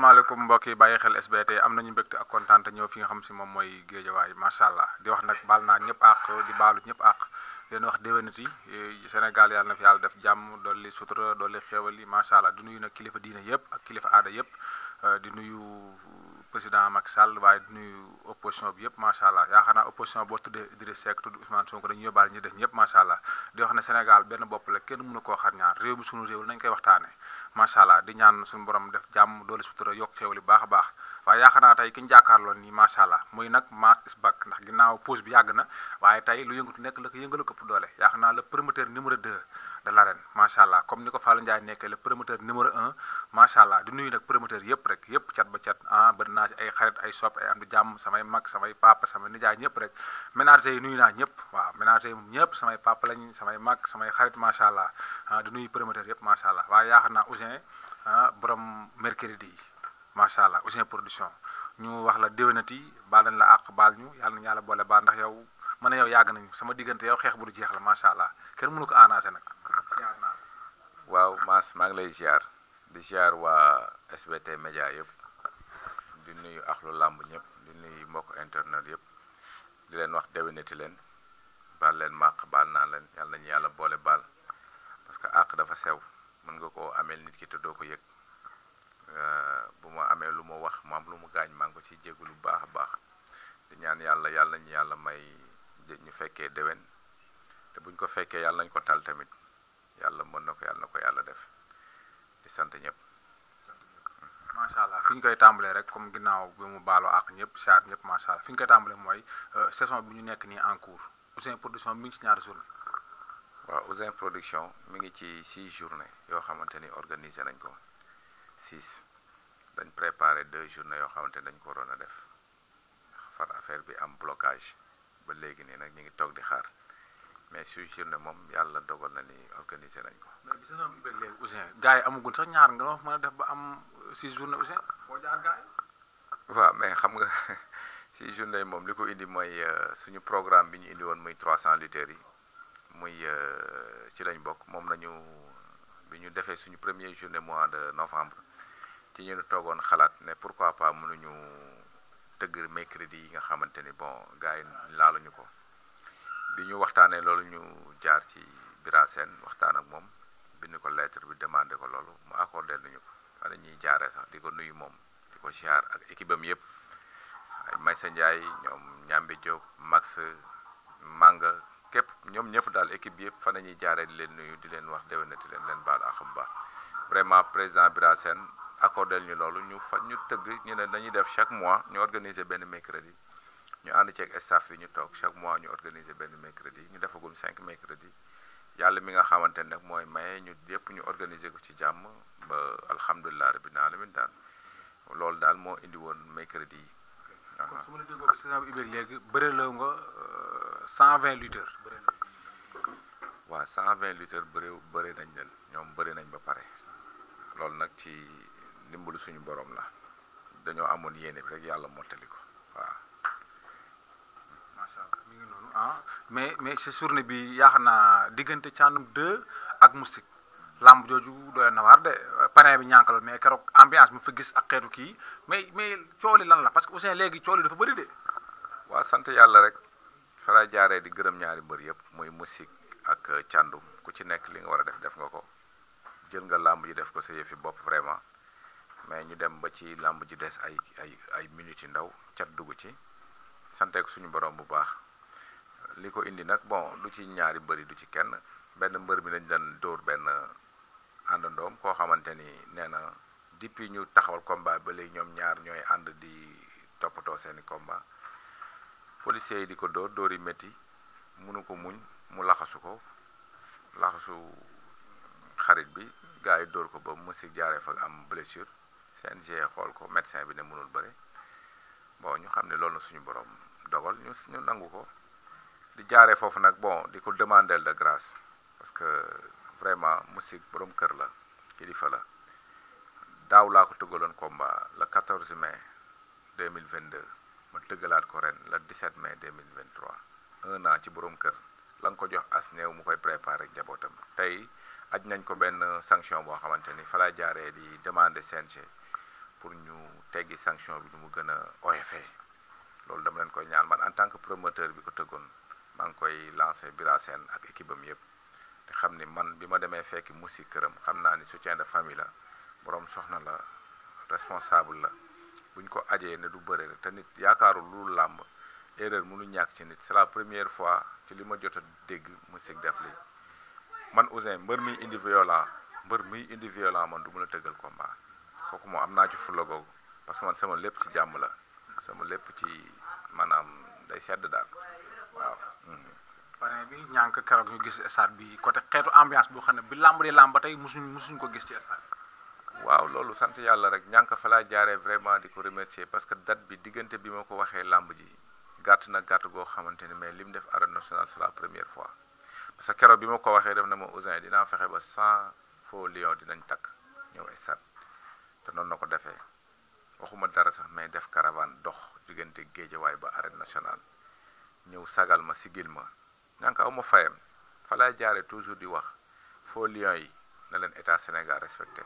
asalaamaaleykum mbokk yi bàyyi xel SBT am nañu mbégte ak kontaan ñëw fi nga xam si moom mooy géejawaay macha allah di wax nag baal naa ñëpp àq di baalu ñëpp àq leen wax déwénati eh, Sénégal yàlla fi yàlla def jàmm dolli sutura dolli xéewal yi macha allah di nuyu nag kilifa diine yëpp ak kilifa aada yëpp eh, di nuyu président Macky Sall waaye di nuyu opposition bi yëpp macha allah yaakaar naa opposition boo tuddee Idriss Seck tudd Ousmane Sonko dañu yóbbaale ñi def ñëpp macha allah di wax ne Sénégal benn bopp la kenn mënu koo xar ñaar réew mi sunu réew nañ koy waxtaanee macha allah di ñaan suñu borom def jàmm doole sutura yokk xéewal yu baax a baax waaye yaakaar naa tey ki ñu jàkkaarloo nii macha allah muy nag Mass is back ndax ginnaaw pause bi yàgg na waaye tey lu yëngatu nekk la ko yëngala këpp doole yaakaar naa le promoteur numéro de l'arène macha allah comme ni ko Fallou Ndiaye nekkee le promoteur numéro un macha allah di nag promoteur yëpp rek yëpp cat ba cat ah bëri naa ci ay samay mag samay papa samay ñëpp rek ménager nuyu naa ñëpp waaw ménager yi moom ñëpp samay papa samay mag samay xarit macha allah ah nuyu promoteur yëpp macha allah waaye yaakaar naa Ouzin ah borom mercredi macha allah Ouzin production ñu wax la déwénati baal nañ la àq baal ñu yàlla na yàlla boole baa ndax yow mën na yow yàgg nañu sama diggante yow xeex bu du jeex la macha allah kenn mënu ko arrangé nag waaw Mass maa ngi lay ziar di ziar waa SBT Média yëpp nuyu axlu làmb ñëpp di nuyu mbokk internet yëpp di leen wax déwénati leen baal leen màq baal naa leen yàlla yàlla boole baal parce que àq dafa sew mën nga koo amee nit ki te doo ko yëg euh, bu ma amee lu ma wax ma lu mu gaañ maa ngi ko ciy jégalu lu baax a baax di ñaan yàlla yàlla ñu yàlla may ñu fekkee déwén te buñ ko fekkee yàlla nañ ko tal tamit yàlla mën na ko yàlla na ko yàlla def di sant ñëpp. macha allah fi ñu koy tàmbalee rek comme ginnaaw bi mu baalo ak ñëpp char ñëpp macha allah fi ñu koy tàmbalee mooy euh, saison bi ñu nekk nii en cours Ouzin production mi ngi ci ñaari journée. waaw Ouzin production mi ngi ci six journée yoo xamante ni organiser nañ ko six dañ préparer deux journées yoo xamante ni dañ ko waroon a def far affaire bi am blocage ba léegi nii nag ñu ngi toog di xaar. mais suy journée moom yàlla dogal na ni organiser nañ ko. mais bi saison amagul sax ñaar nga wax mën a def ba am six journée Ouzin boo jaar gars waaw mais xam nga six journée moom li ko indi mooy euh, suñu programme bi ñu indi woon muy trois cent lutteurs yi muy euh, ci lañ bokk moom nañu bi ñu defee suñu premier journée mois de novembre ci ñu toogoon xalaat ne pourquoi pas mënuñu tëgg mercredi yi nga xamante ni bon gars yi laaluñu ko. di ñu waxtaanee loolu ñu jaar ci Bira Sène waxtaan ak moom bind ko lettre bi demandé ko loolu mu accordé nañu ko fa la ñuy jaaree sax di ko nuyu moom di ko ziar ak équipe am yëpp ay Maysa Ndiaye ñoom Ñambi Diop Max Manga képp ñoom ñëpp daal équipe bi yëpp fa la ñuy jaaree di leen nuyu di leen wax déwénati leen leen baal ak bu baax vraiment président Bira Sène accordé ñu loolu ñu fa ñu tëgg ñu ne dañuy def chaque mois ñu organiser benn crédit ñu ànd ceeg staff yi ñu toog chaque mois ñu organiser benn mercredi ñu defagum cinq mercredi yàlla mi nga xamante nag mooy maye ñu yëpp ñu organiser ko ci jàmm ba alhamdulilah rabbil alamin daal loolu daal moo indi woon mercredi yi. kon su ma la déggoo parce que léegi bëri la nga 120 euh, lutteurs. waaw 120 lutteurs bëree bëri nañ leen ñoom bëri nañ ba pare loolu nag ci ndimbalu suñu borom la dañoo amoon yéene bi rek yàlla mottali ko waaw. mi ngi noonu ah mais mais si journée bi yaakaar naa diggante Thiandoum 2 ak Moustique làmb jooju doy na waar de parrain bi ñànk la mais keroog ambiance mu fa gis ak xeetu kii mais mais cooli lan la parce que Ousseyn léegi cooli dafa bëri de. waa sant yàlla rek fa jaaree di gërëm ñaari mbër yëpp muy Moustique ak euh, Thiandoum ku ci nekk li nga war a def def nga ko jël nga làmb ji def ko sa yëfi bopp vraiment. mais ñu dem ba ci làmb ji des ay ay ay minutes yu ndaw cat dugg ci santeek suñu borom bu baax li ko indi nag bon du ci ñaari mbëri du ci kenn benn mbër bi lañ daan dóor benn àndandoom koo xamante ni nee na depuis ñu taxawal combat ba ñoom ñaar ñooy ànd di toppatoo seeni komba policiers yi di ko dóor dóor yi métti mënu ko muñ mu laxasu ko laxasu xarit bi gars yi dóor ko ba mu si jaaree fa am blessure g xool ko médecin bi ne mënul bëre bon ñu xam ne loolu suñu borom dogal ñu ñu nangu ko di jaaree foofu nag bon di ko demandel de grâce parce que vraiment musique borom kër la kilifa la daaw laa ko tëggaloon combat le 14 mai 2022 ma tëggalaat ko ren la le 17 mai 2023 un an ci boroom kër la nga ko jox as néew mu koy préparé ak njabootam tey aj nañ ko benn sanction boo xamante ni fa laa jaaree di demander CNG pour ñu teggi sanction bi nu mu gën a oyofee loolu dama leen koy ñaan man en tant que promoteur bi ko tëggoon maa ngi koy lancé Bira Sène ak équipe am yëpp te xam ni man bi ma demee fekk musi këram xam naa ni soutien de famille la borom soxna la responsable la buñ ko ajee ne du bëre te nit yaakaaru lu làmb erreur mënu ñàkk ci nit c'est la première fois ci li ma jot dégg musik def lii man Ouzin mbër mi indi mbër mi indi violent man du mën a tëggal combat kooku moom am naa ci fulla googu parce que man sama lépp ci jàmm la sama lépp ci maanaam day sedd daal parrain bi ñànk keroog ñu gis stade bi côté xeetu ambiance boo xam ne bi làmb di làmb ba tey musuñ musuñ ko gis ci stade waaw loolu sant yàlla rek ñànk fa laa jaaree vraiment di ko remercier parce que date bi diggante bi ma ko waxee làmb ji gàtt na gàtt goo xamante ni mais li mu def arène nationale c'est la première fois parce que keroog bi ma ko waxee def na ma Ousin dinaa fexe ba cent faux dinañ takk ñëw stade te noonu na ko defee waxuma dara sax mais def caravane dox diggante géejawaay ba arène nationale ñëw sagal ma sigil ñànk aw ma fayam fa laay jaare toujours di wax faux lions yi na leen état Sénégal respecté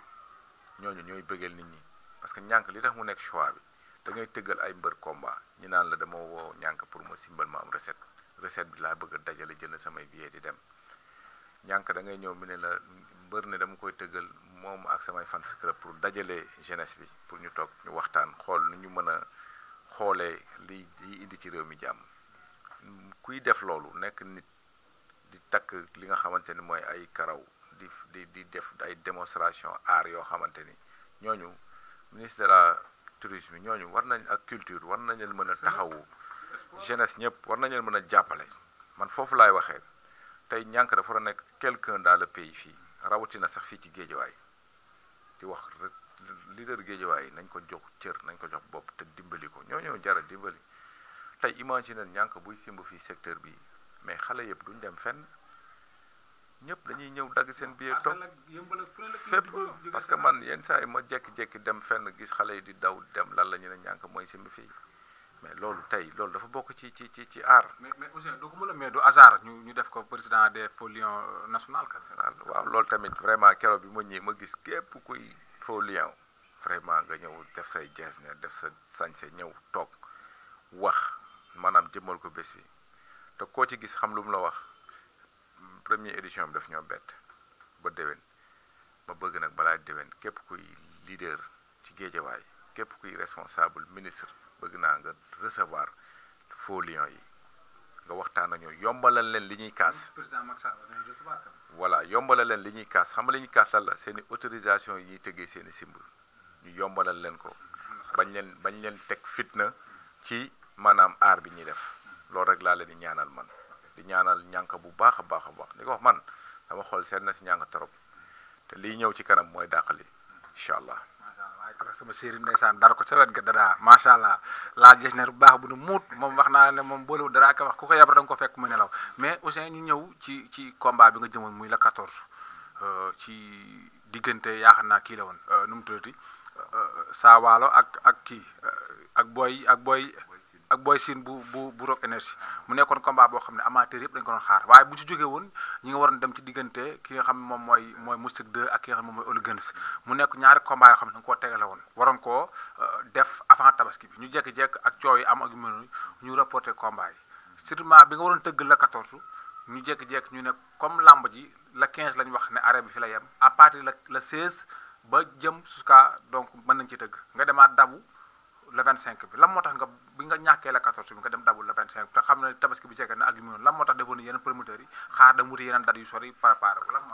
ñooñu ñooy bëggeel nit ñi parce que ñànk li tax mu nekk choix bi da ngay tëggal ay mbër combat ñu naan la dama woo ñànk pour ma simbal ma am recette recette bi laa bëgg a dajale jënd samay billet di dem ñànk da ngay ñëw mu ne la mbër ne dama koy tëggal moom ak samay fan club pour dajale jeunesse bi pour ñu toog ñu waxtaan xool nu ñu mën a xoolee li liy indi ci réew mi jàmm kuy def loolu nekk nit di takk li nga xamante ni mooy ay karaw di di di def ay démonstration art yoo xamante ni ñooñu ministre de la tourisme ñooñu war nañ ak culture war nañ leen mën a taxawu jeunesse ñëpp war nañ leen mën a jàppale man foofu laay waxee tey ñànk dafa war a nekk quelqu'un dans le pays fii rawatina sax fii ci géejawaay di wax leader géejawaay nañ ko jox cër nañ ko jox bopp te dimbali ko ñoo ñoo jara dimbali tey neen ñànk buy simb fii secteur bi mais xale yëpp duñ dem fenn ñëpp dañuy ñëw dagg seen billet toog fépp parce que man yenn saa yi ma jékki-jékki dem fenn gis xale yi di daw dem lan la ñu ne ñànk mooy simb fi mais loolu tey loolu dafa bokk ci ci ci ci aar. mais mais Ouzin doo ko mën a mais du ñu ñu def ko président des folions euh, national ka waaw loolu tamit vraiment keroog bi ma ñëwee ma gis képp kuy folion vraiment nga ñëw def say jees ne def sa sañ sañse ñëw toog wax. maanaam jëmmal ko bés bi te koo ci gis xam lu mu la wax premier édition bi daf ñoo bett ba déwén ma bëgg nag balaa déwén képp kuy leader ci géejawaay képp kuy responsable ministre bëgg naa nga recevoir faux lions yi nga waxtaan ak ñoom yombalal leen li ñuy kaas. voilà yombalal leen li ñuy kaas xam nga li ñuy kaas lan la seen autorisation yi ñuy tëggee seen i simb ñu yombalal leen ko bañ leen bañ leen teg fitna ci. maanaam aar bi ñuy def loolu rek laa leen di ñaanal man di ñaanal ñànk bu baax a baax a baax li wax man dama xool seen na si ñànk trop te lii ñëw ci kanam mooy dàqali incha allah. waaye sama séeréer ndeysaan dara ko wet ga dadaa macha allah laal gis ne bu baax bu nu muut moom wax naa ne moom boolewul daraa ko wax ku ko yab da nga ko fekk muy nelaw mais Ouzin ñu ñëw ci ci combat bi nga jëmoon muy la 14 euh, ci diggante yaakaar naa kii la woon euh, nu mu tuddati euh, Saawaalo ak ak kii ak boy ak booy. ak Boy Sine bu bu bu Rock Énergie mu nekkoon combat boo xam ne amateur yëpp dañu ko doon xaar waaye bu ci jógee woon ñi nga waroon dem ci diggante ki nga xam ne moom mooy mooy Moustique 2 ak ki nga xam ne moom mooy Oligans mu nekk ñaari combat yoo xam ne da nga koo tegale waroon koo euh, def avant tabaski bi ñu jekki-jekk ak coow yi am ak mënu ñu reporté combat yi surtout bi nga waroon tëgg la 14 ñu jekki-jekk ñu ne comme làmb ji la 15 lañ wax ne arrêt bi fi la yem à la la 16 ba jëm jusqu'à donc mën nañ ci tëgg nga demaat dabu le 25 bi lan moo tax nga bi nga ñàkkee le 14 bi nga dem dabul le 25 te xam ne tabaski bi jege na ak yu mu noonu lan moo tax defoon yeneen promoteurs yi xaar dem wuti yeneen date yu sori préparé lan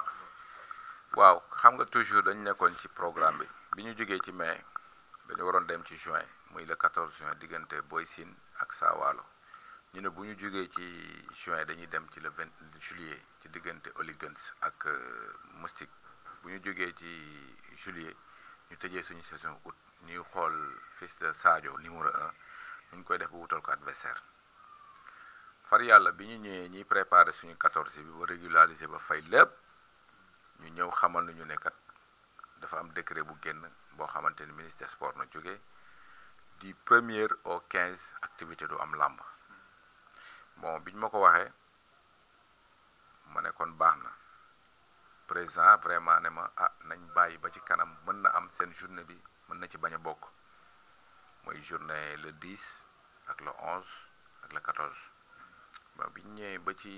waaw xam nga toujours dañu nekkoon ci programme bi bi ñu jógee ci mais dañu waroon dem ci juin muy le 14 juin diggante Boy Sine ak Saawaalo ñu ne bu ñu jógee ci juin dañuy dem ci le 20 juillet ci diggante Oligans ak euh, Moustique bu ñu jógee ci juillet ñu tëjee suñu saison août. ñuy xool fils de Sadio numéro un ñu koy def bu wutal ko adversaire far yàlla bi ñu ñëwee ñiy préparé suñu quatorze bi ba régulariser ba fay lépp ñu ñëw xamal nañu nekkat dafa am décret bu génn boo xamante ni ministre des na jóge di première au quinze activité du am làmb bon bi ñu ma ko waxee ma ne kon baax na président vraiment ne ma ah nañ bàyyi ba ci kanam mën na am seen journée bi mën na ci bañ a bokk mooy journée le dix ak le onze ak le 14 bon bi ñu ba ci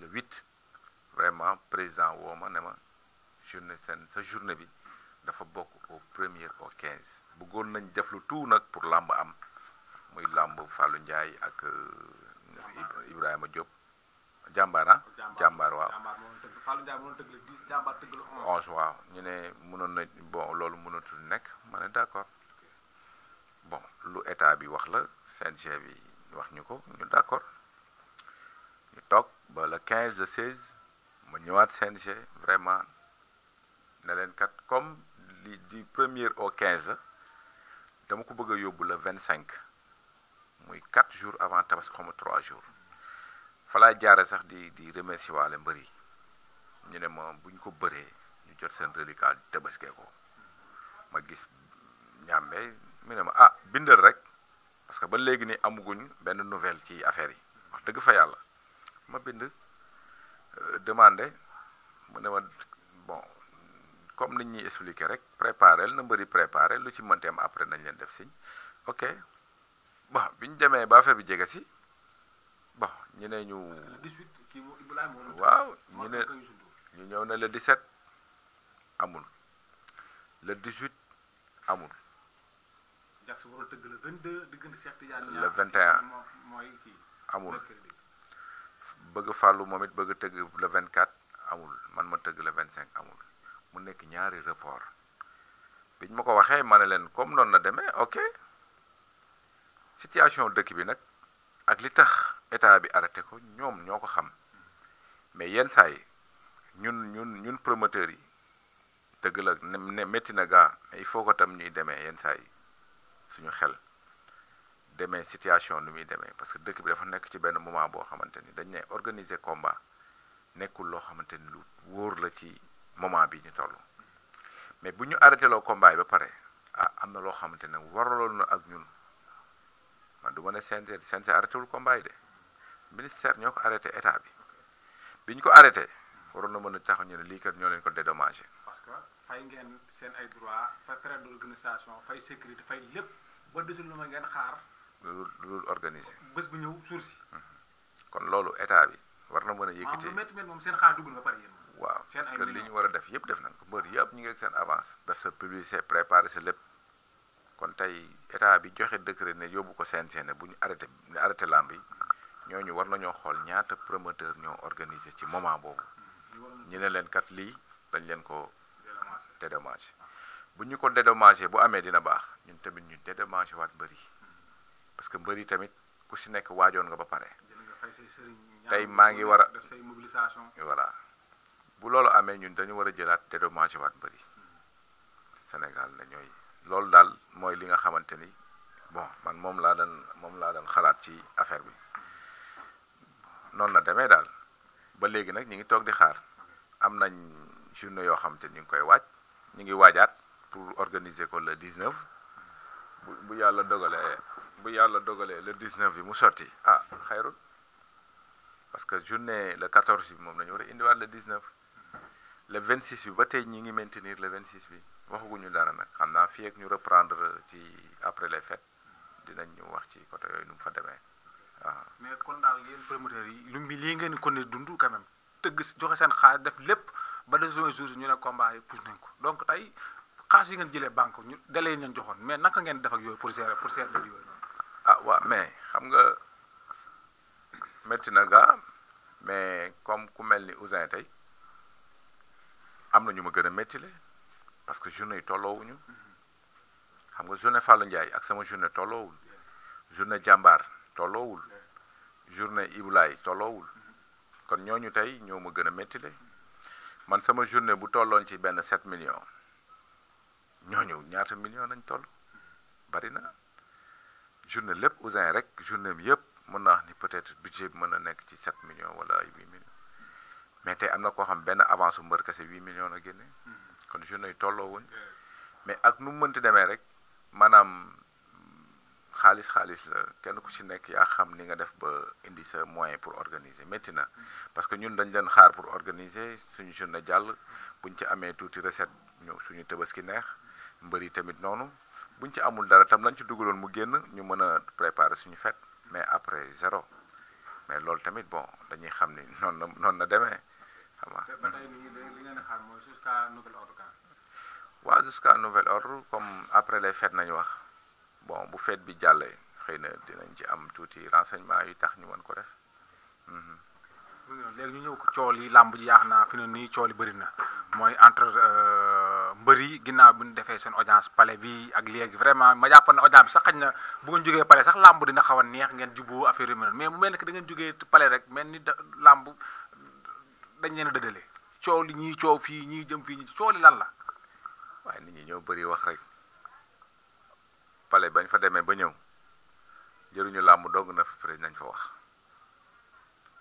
le 8 vraiment président woo ma ne ma journée seen sa journée bi dafa bokk au premier au 15 bëggoon nañ def lu tout nag pour làmb am muy làmb Fallou Ndiaye ak euh, Ibrahima Diop. jàmbaar ah. jàmbaar waaw onze waaw ñu ne mënoon na bon loolu mënatul nekk ma ne d'accord bo lu état bi wax la CNG bi wax ñu ko ñu d'accord ñu toog ba le 15 de 16 ma ñëwaat g vraiment ne leen kat comme li du première au quinze dama ko bëgg a yóbbu vingt cinq muy 4 jours avant tabaski ma 3 jours. falaa jaare sax di di remercier waale mbër ñu ne ma buñ ko bëree ñu jot seen reliquat tabaskee ko ma gis ñàmbe mu ne ma ah bindal rek parce que ba léegi ni amuguñ benn nouvelle ci affaire yi wax dëgg fa yàlla ma bind euh, demande mu ne ma bon comme nit ñuy expliqué rek préparé na mbëri préparé lu ci mënti après nañ leen def siñ ok bon bi ñu demee ba affaire bi jege si bon ñu ne ñu. waaw ñu ne ñu ñëw na le 17 amul le 18 amul. le 21 amul bëgg fàllu moom it bëgg tëgg vingt 24 amul man ma tëgg le 25 amul mu nekk ñaari report biñ ma ko waxee ma ne leen comme noonu na demee ok situation dëkk bi nag. ak li tax état bi arrêté ko ñoom ñoo ko xam mais yenn saa yi ñun ñun ñun promoteurs yi tëgg la ne métti na gaa mais il faut tam ñuy demee yenn saa yi suñu xel demee situation nu muy demee parce que dëkk bi dafa nekk ci benn moment boo xamante ni dañ ne organiser komba nekkul loo xamante ni lu wóor la ci moment bi ñu toll mais bu ñu arrêté loo combat yi ba pare ah am na loo xamante ne waraloon na ak ñun. man du ma ne CNG CNG arrêté wul combat yi de ministère ñoo ko arrêté état bi bi ñu ko arrêté waroon na mën a taxaw ñu ne lii kat ñoo leen ko dédommagé. parce que fay ngeen seen ay droit fay frais d'organisation fay sécurité fay lépp ba desul lu ma ngeen xaar. lu dul organisé. bés bu ñëw suur si. Mhm. kon loolu état bi war na mën a yëkkati. waaw métti waaw parce que li ñu war a def yëpp def nañ ko mbër yëpp ñu ngi ak seen avance def sa publicité préparé sa lépp. kon tey état bi joxe décret ne yóbbu ko CNG ne bu ñu arrêté arrêté lamb yi ñu war nañoo xool ñaata promoteur ñoo organisé ci moment boobu ñu ne leen kat lii dañ leen ko dédommagé bu ñu ko dédommagé bu amee dina baax ñun tamit ñu dédommagé waat mbër yi parce que mbër yi tamit ku si nekk waajoon nga ba pare tey maa ngi war a voilà bu loolu amee ñun dañu war a jëlaat dédommagé waat mbër yi na ñooy loolu daal mooy li nga xamante ni bon man moom laa daan moom laa daan xalaat ci affaire bi noonu la demee daal ba léegi nag ñu ngi toog di xaar am nañ journée yoo xamante ni ñu ngi koy waaj ñu ngi waajaat pour organiser ko le 19 bu bu yàlla dogalee bu yàlla dogalee le 19 bi mu sotti ah xayrul parce que journée le 14 bi moom la ñu war a indiwaat le 19. le vingt 26 bi ba tey ñi ngi maintenir le 26 bi waxaguñu dara nag xam naa fii ak ñu reprendre ci après les fêtes dinañ ñu wax ci côté yooyu nu mu fa demee waaw. mais kon daal yéen promoteurs yi lu mi lii ngeen ko ne dund quand même tëgg joxe seen xaalis def lépp ba des jours yi ñu ne combat yi pousse nañ ko donc ay xaalis yi ngeen jëlee banque ñu délai ñu joxoon mais naka ngeen def ak yooyu pour gérer pour gérer yooyu noonu. ah waaw mais xam nga métti na gaa mais comme ku mel ni Ousin tey. am na ñu ma gën a méttile parce que journée yi tolloowuñu xam nga journée Fallou Ndiaye ak sama journée tolloowul journée jàmbaar tolloowul journée Ibulaay tolloowul kon ñooñu tey ñoo ma gën a méttile man sama journée bu tolloon ci benn 7 millions ñooñu ñaata million nañ toll bari na journée lépp Ouzin rek journée bi yëpp mën naa wax ni peut-être budget bi mën na nekk ci 7 millions wala ay 8 mais tey am na koo xam benn avance bu mbër kese 8 million a génne. Hmm. kon journée yi tolloo wuñ mais ak nu mu mënti demee rek maanaam xaalis xaalis la kenn ku ci nekk yaa xam ni nga def ba indi sa moyen pour organiser métti na hmm. parce que ñun dañ leen xaar pour organiser suñu journée jàll hmm. buñ ci amee tuuti recette ñu suñu tabaski neex mbër yi tamit noonu buñ ci amul dara tam lañ ci dugaloon mu génn ñu mën a préparer suñu fête mais après zéro mais loolu tamit bon dañuy xam ni noonu la noonu la demee. jusqu'à nouvel ordre comme après les fêtes nañu wax bon bu fête bi jàllee xëy na dinañ ci am tuuti renseignement yu tax ñu mën ko def. Mhm. léegi ñu ñëw ko cool yi làmb ji yaax naa fi ne nii cool yi bëri na mooy entre euh, mbër yi ginnaaw bi ñu defee seen audience pale bi ak léegi vraiment ma jàppoon ne audience bi sax xaj na bu ngeen jógee palais sax làmb dina xaw neex ngeen juboo affaire yu mel mais mu mel ni que da ngeen jógee rek mel ni da làmb dañ leen a dëdale coow li ñii coow fii ñii jëm fii ñii lan la. waaye nit ñi ñoo bëri wax rek pale bañ fa demee ba ñëw njëriñu làmb dong na fa président nañ fa wax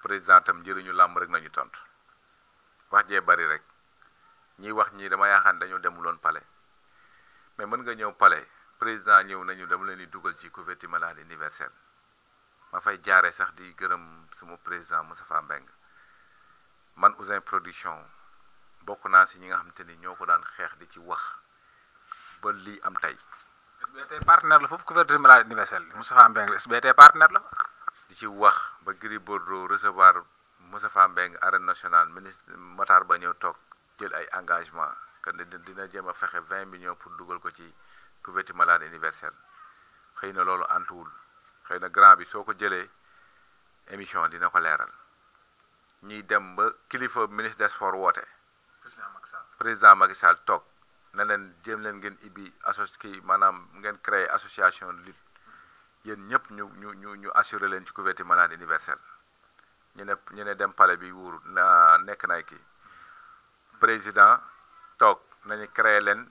président tam njëriñu làmb rek nañu tontu wax jee bari rek ñiy wax ñii dama yaakaar ne dañoo demuloon pale mais mën nga ñëw pale président ñëw nañu dama leen di dugal ci couverture maladie universelle ma fay jaare sax di gërëm sama président Moustapha Mbengue man Ouzin Production bokk naa si ñi nga xamante ni ñoo ko daan xeex di ci wax ba lii am tey. SBT partenaire la foofu couverture maladie universelle bi Moustapha Mbengue SBT partenaire la. di ci wax ba Gris Bordeaux recevoir Moustapha Mbengue arène national ministre motar ba ñëw toog jël ay engagement que dina jëm a fexe 20 millions pour dugal ko ci couverture maladie universelle xëy na loolu antuwul xëy na grand bi soo ko jëlee émission dina ko leeral ñuy dem ba kilifa ministre des sports woote. président Macky toog ne leen jëm leen ngeen ibbi assos kii maanaam ngeen créer association lutte yéen ñëpp ñu ñu ñu ñu assurer leen ci couverture maladie universelle ñu ne ñu ne dem pale bi wuuru na nekk nay kii président toog nañu créer leen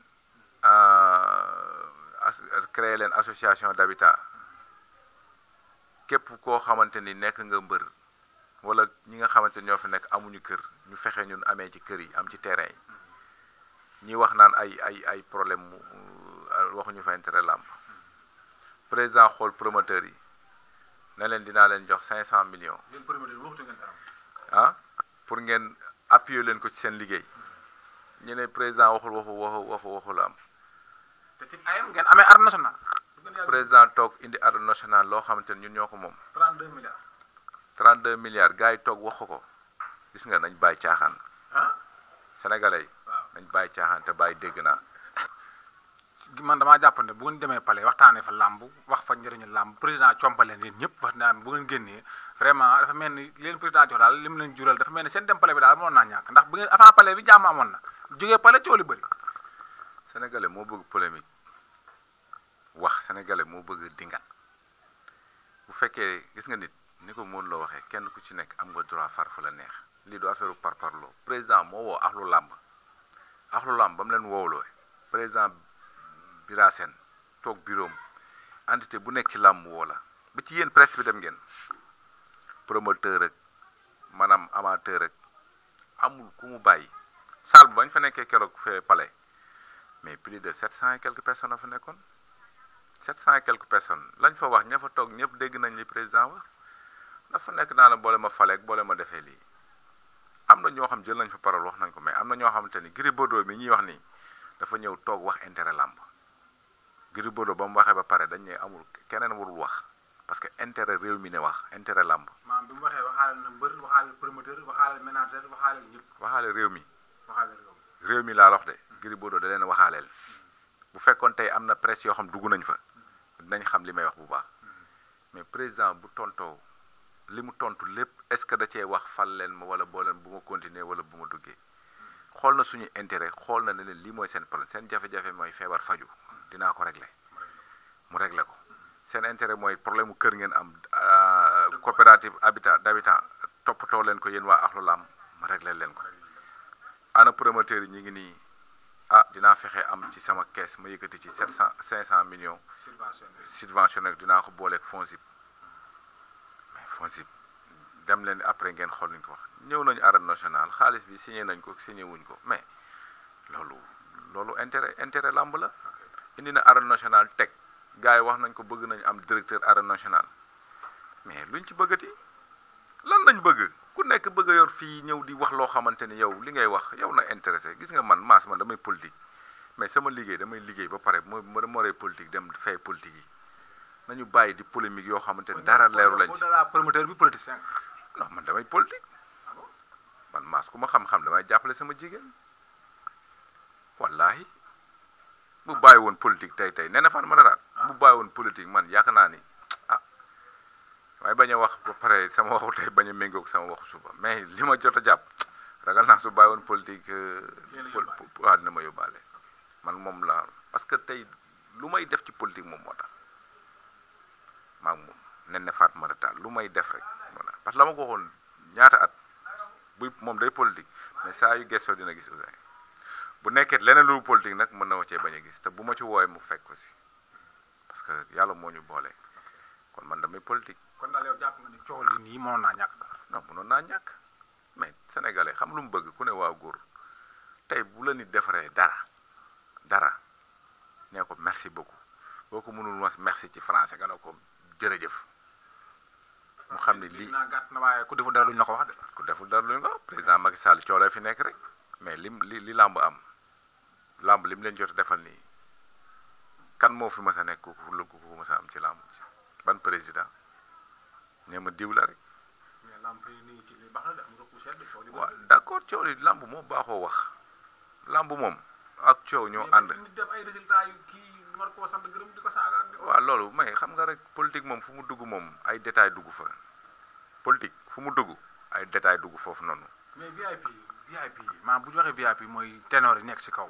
euh, as créer leen association d'habitat képp koo xamante ni nekk nga mbër wala ñi nga xamante ñoo fi nekk amuñu kër ñu fexe ñun amee ci kër yi am ci terrain yi ñuy wax naan ay ay ay problème mu euh, waxuñu fa intérêt am président xool promoteur yi ne leen dinaa leen jox 500 millions. yéen promoteur waxtu ngeen ah pour ngeen appuyer leen ko ci seen liggéey ñu ne président waxul waxu waxu waxu làmb. te ci ayam ngeen amee arène nationale. président toog indi arène nationale loo xamante ni ñun ñoo ko moom. 32 milliards. 32 milliards gars yi toog wax ko gis nga nañ bàyyi caaxaan. Ah? sénégalais yi. dañ bàyyi caaxaan te dégg naa. man damaa jàpp ne bu ngeen demee palais waxtaanee fa làmb wax fa njëriñu làmb président compale leen ñëpp wax naa bu ngeen génnee vraiment dafa mel ni leen président jox lim leen jural dafa mel ni seen dem palais bi daal mënoon naa ñàkk ndax bu ngeen avant palais na jógee palais coow li bëri. sénégalais moo bëgg polémique wax moo bëgg dingat bu gis nga nit ni ko moon loo waxee kenn ku ci nekk am nga droit far fu la neex lii par par parparloo président moo woo axlu làmb. axlu lamb ba mu leen woowloo président Bira Sène toog bureau entité bu nekk ci làmb woo la ba ci yéen presse bi dem ngeen promoteur rek maanaam amateur ak amul ku mu bàyyi salle bu bañ fa nekkee keroog fee pale mais plus de sept cent et quelques personnes a fa nekkoon sept cent et quelques personnes lañ fa wax ña fa toog ñëpp dégg nañ li président wax dafa nekk naa la boole ma faleek boole ma defee lii am na ñoo xam jël nañ fa parole wax nañ ko mais am na ñoo xamante ni Gris Bordeaux mi ñuy wax nii dafa ñëw toog wax intérêt làmb Gris Bordeaux ba mu waxee ba pare dañ ne amul keneen warul wax parce que intérêt réew mi ne wax intérêt làmb. maanaam bi mu waxee waxaale na mbër waxaale promoteur waxaale manager waxaale ñëpp. waxaale réew mi. waxaale réew mi réew mi laa wax de. Gris Bordeaux da leen waxaaleel. bu fekkoon tey am na presse yoo xam dugg nañ fa. nañ xam li may wax bu baax. Mm-hmm. mais président bu tontoo li mu tontu lépp. est-ce que da cee wax fal leen ma wala boo bu ma continuer wala bu ma duggee xool na suñu intérêt xool na ne leen lii mooy seen problème seen jafe-jafe mooy feebar faju dinaa ko régler mu regle ko seen intérêt mooy problème mu kër ngeen am euh, coopérative habitat d'habitat toppatoo leen ko yéen waa Ahlou Lamb ma régler leen ko ana promoteur yi ñu ngi nii ah dinaa fexe am ci sama kees ma yëkkati ci sept cent cinq cent millions subventionné dinaa ko booleeg FONSIP mais dem leen après ngeen xool nuñ ko wax ñëw nañu arène national xaalis bi signé nañ ko signé wuñ ko mais loolu loolu intérêt intérêt làmb la indi na arène national teg gars yi wax nañ ko bëgg nañ am directeur arène nationale mais luñ ci bëggati lan lañ bëgg ku nekk bëgg a yor fii ñëw di wax loo xamante ni yow li ngay wax yow na intéressé gis nga man maas man damay politique mais sama liggéey damay liggéey ba pare moo moree politique dem fay politique yi nañu bàyyi di polémique yoo xamante ni dara leeru lañ ci promoteur bi politicien non man damay politique man maas ku ma xam-xam damay jàppale sama jigéen wallaahi bu bàyyi woon politique tey tey nee na fan ma daraat ah. bu bàyyi woon politique man yaakaar naa ni ah may bañ a wax ba pare sama waxu tey bañ a méngoog sama waxu suba mais li ma jot a jàpp ragal naax su bàyyi woon politique euh, waaw ma yóbbaale man moom laa parce que tey lu may def ci politique moom moo tax maa ngi moom nen na faat ma dataal lu may def rek parce que la ma ko waxoon ñaata at buy moom day politique mais saa yu gëstoo dina gis bu nekkee leneen lu politique nag mën na ma cee bañ a gis te bu ma ci woowee mu fekk ko si parce que yàlla moo ñu boole kon man damay politique. kon daal yow jàpp nii mënoon naa ñàkk. non mënoon naa ñàkk mais sénégalais xam lu mu bëgg ku ne waa góor tey bu la ni defaree dara dara nee ko merci beaucoup boo ko mënul wax merci ci français nga ne ko jërëjëf. mu xam ne lii naa gàtt na ku deful dara duñ la ko wax ku deful dara duñ ko wax président Macky Sall coolee fi nekk rek mais lim li li làmb am làmb mu leen jot a defal nii kan moo fi mës a nekk ku ku mës a am ci làmb ci ban président nee ma diw rek. mais làmb yi nii ci li baax na accord coow li làmb moo baaxoo wax làmb moom ak coow ñoo ànd. war koo sant gërëm di ko loolu mais xam nga rek politique moom fu mu dugg moom ay détails dugg fa politique fu mu dugg ay détails dugg foofu noonu. mais VIP VIP maanaam bu joxe waxee VIP mooy ténor yi nekk si kaw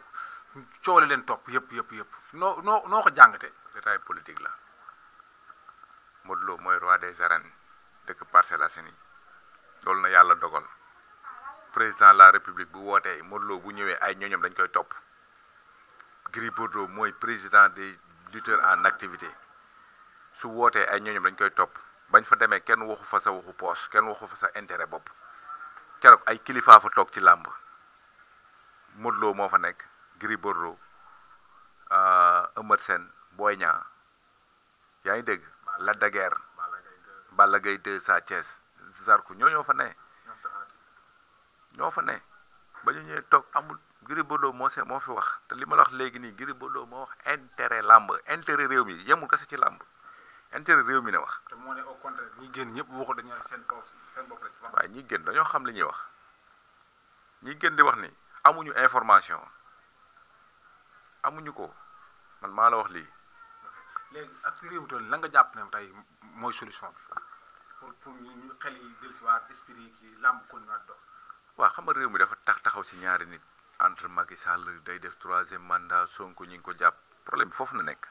coole leen topp yëpp yëpp yëpp noo noo noo ko jàngate détail politique la Modou Lo mooy roi des arènes dëkk Parcelles loolu na yàlla dogal président la république bu wootee Modou bu ñëwee ay ñooñam dañ koy topp. Gris Bordeaux mooy président des lutteurs en activité su wootee ay ñooñom dañ koy topp bañ fa demee kenn waxu fa sa waxu poos kenn waxu fa sa intérêt bopp keroog ay kilifaa fa toog ci làmb Modou moo fa nekk Gris Bordeaux euh, Eumeu Sène booy Niang yaa ngi dégg la de Guiers Balla Gaye 2 Sa Thiès Zarko ñoo fa ne ñoo fa ne ba ñu ñëwee toog amul Gris Bordeaux moo se moo fi wax te li ma la wax léegi nii Gris Bordeaux moo wax intérêt làmb intérêt réew mi yemul kese ci làmb intérêt réew mi ne wax. te moo ne au contraire ñi génn ñëpp waxu dañu seen bopp seen bopp wax. waaw ñi génn dañoo xam li ñuy wax ñi génn di wax ni amuñu information amuñu ko man maa la wax lii. léegi ak fi réew mi toll la tey mooy solution pour pour làmb kon waat dox. waaw nga réew mi dafa tax taxaw si ñaari nit. entre Macky Sall day def troisième mandat Sonko ñi ngi ko jàpp problème foofu na nekk.